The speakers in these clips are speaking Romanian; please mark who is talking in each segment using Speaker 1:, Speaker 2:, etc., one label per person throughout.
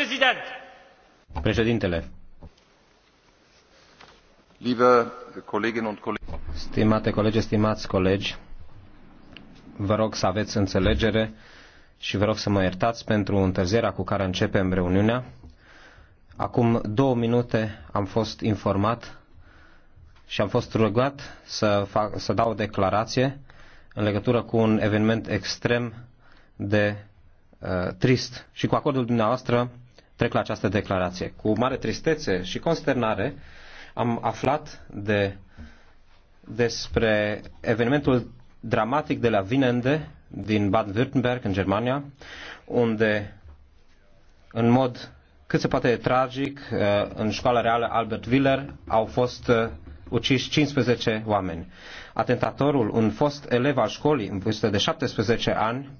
Speaker 1: Präsident! Președintele. Liebe Kolleginnen und Kollegen. Stimate colegi, stimați colegi, vă rog să aveți înțelegere și vă rog să mă iertați pentru întârzierea cu care începem reuniunea. Acum două minute am fost informat și am fost rugat să, fac, să dau o declarație în legătură cu un eveniment extrem de uh, trist. Și cu acordul dumneavoastră trec la această declarație. Cu mare tristețe și consternare am aflat de, despre evenimentul dramatic de la Vinende din Baden-Württemberg în Germania, unde în mod cât se poate tragic, uh, în școala reală Albert Willer au fost uh, uciși 15 oameni. Atentatorul, un fost elev al școlii în vârstă de 17 ani,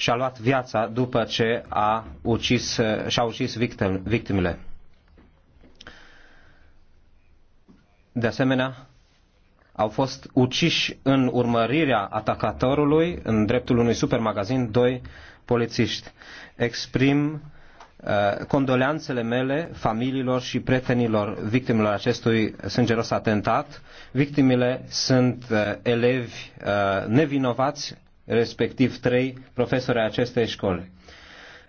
Speaker 1: și-a luat viața după ce a ucis, și-a ucis victim, victimele. De asemenea, au fost uciși în urmărirea atacatorului, în dreptul unui supermagazin, doi polițiști. Exprim uh, condoleanțele mele familiilor și prietenilor victimelor acestui sângeros atentat. Victimele sunt uh, elevi uh, nevinovați respectiv trei profesori ai acestei școli.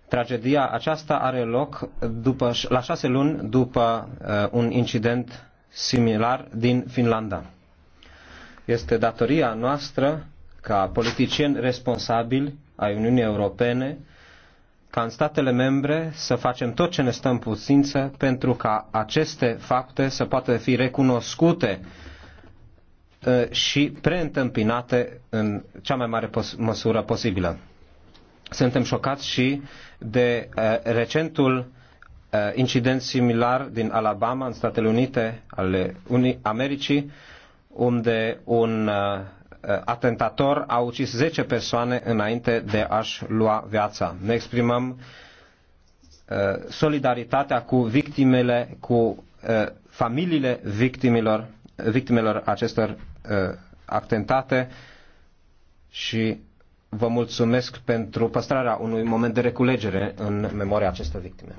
Speaker 1: Tragedia aceasta are loc după, la șase luni după uh, un incident similar din Finlanda. Este datoria noastră ca politicieni responsabili ai Uniunii Europene ca în statele membre să facem tot ce ne stă în puțință pentru ca aceste fapte să poată fi recunoscute Uh, și preîntâmpinate în cea mai mare pos- măsură posibilă. Suntem șocați și de uh, recentul uh, incident similar din Alabama, în Statele Unite ale Unii Americii, unde un uh, uh atentator a ucis 10 persoane înainte de a-și lua viața. Ne exprimăm uh, solidaritatea cu victimele, cu uh, familiile victimilor, victimelor acestor Uh, accentate și vă mulțumesc pentru păstrarea unui moment de reculegere în memoria acestor victime.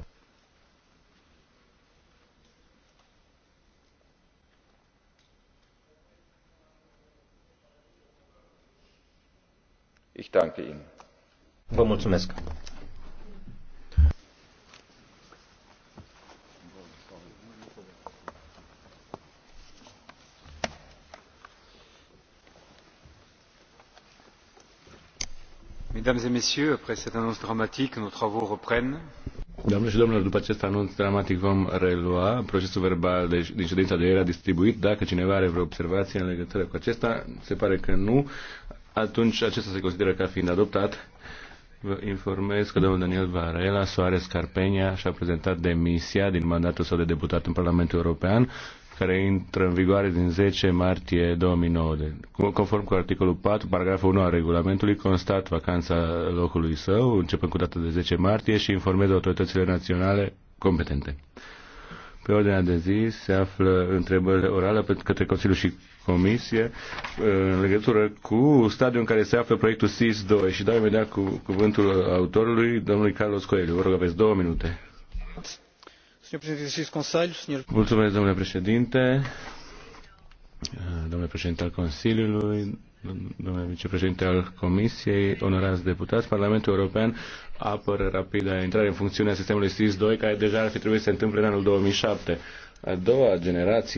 Speaker 1: Ich danke Ihnen. Vă mulțumesc. Mesdames et messieurs, après annonce
Speaker 2: dramatique, nos travaux reprennent. și domnilor, după acest anunț dramatic vom relua procesul verbal de, din ședința de ieri a distribuit. Dacă cineva are vreo observație în legătură cu acesta, se pare că nu, atunci acesta se consideră ca fiind adoptat. Vă informez că domnul Daniel Varela Soares Carpenia și-a prezentat demisia din mandatul său de deputat în Parlamentul European care intră în vigoare din 10 martie 2009. Conform cu articolul 4, paragraful 1 al regulamentului, constat vacanța locului său, începând cu data de 10 martie și informez autoritățile naționale competente. Pe ordinea de zi se află întrebările orale către Consiliul și Comisie în legătură cu stadiul în care se află proiectul SIS-2 și dau imediat cu cuvântul autorului, domnului Carlos Coelho. Vă rog, aveți două minute. Mulțumesc, domnule președinte, domnule președinte al Consiliului, domnule vicepreședinte al Comisiei, onorați deputați, Parlamentul European apără rapida intrare în funcțiune a sistemului SIS-2, care deja ar fi trebuit să se întâmple în anul 2007. A doua generație